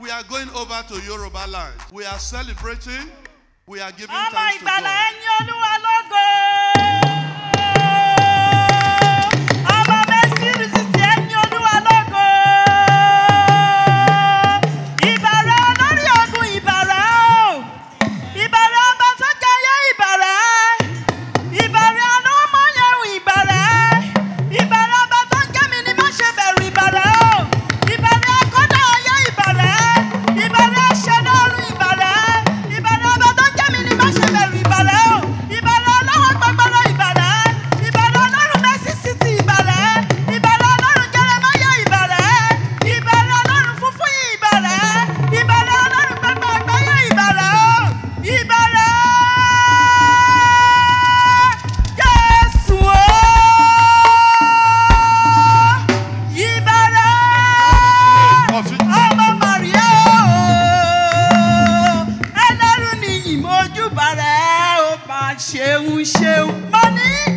We are going over to Yoruba land. We are celebrating. We are giving thanks to God. kọfí. ọmọ màríà o ẹlẹ́rù nìyí mojúbà rẹ̀ ó bá ṣeun ṣeun mọ́ ní.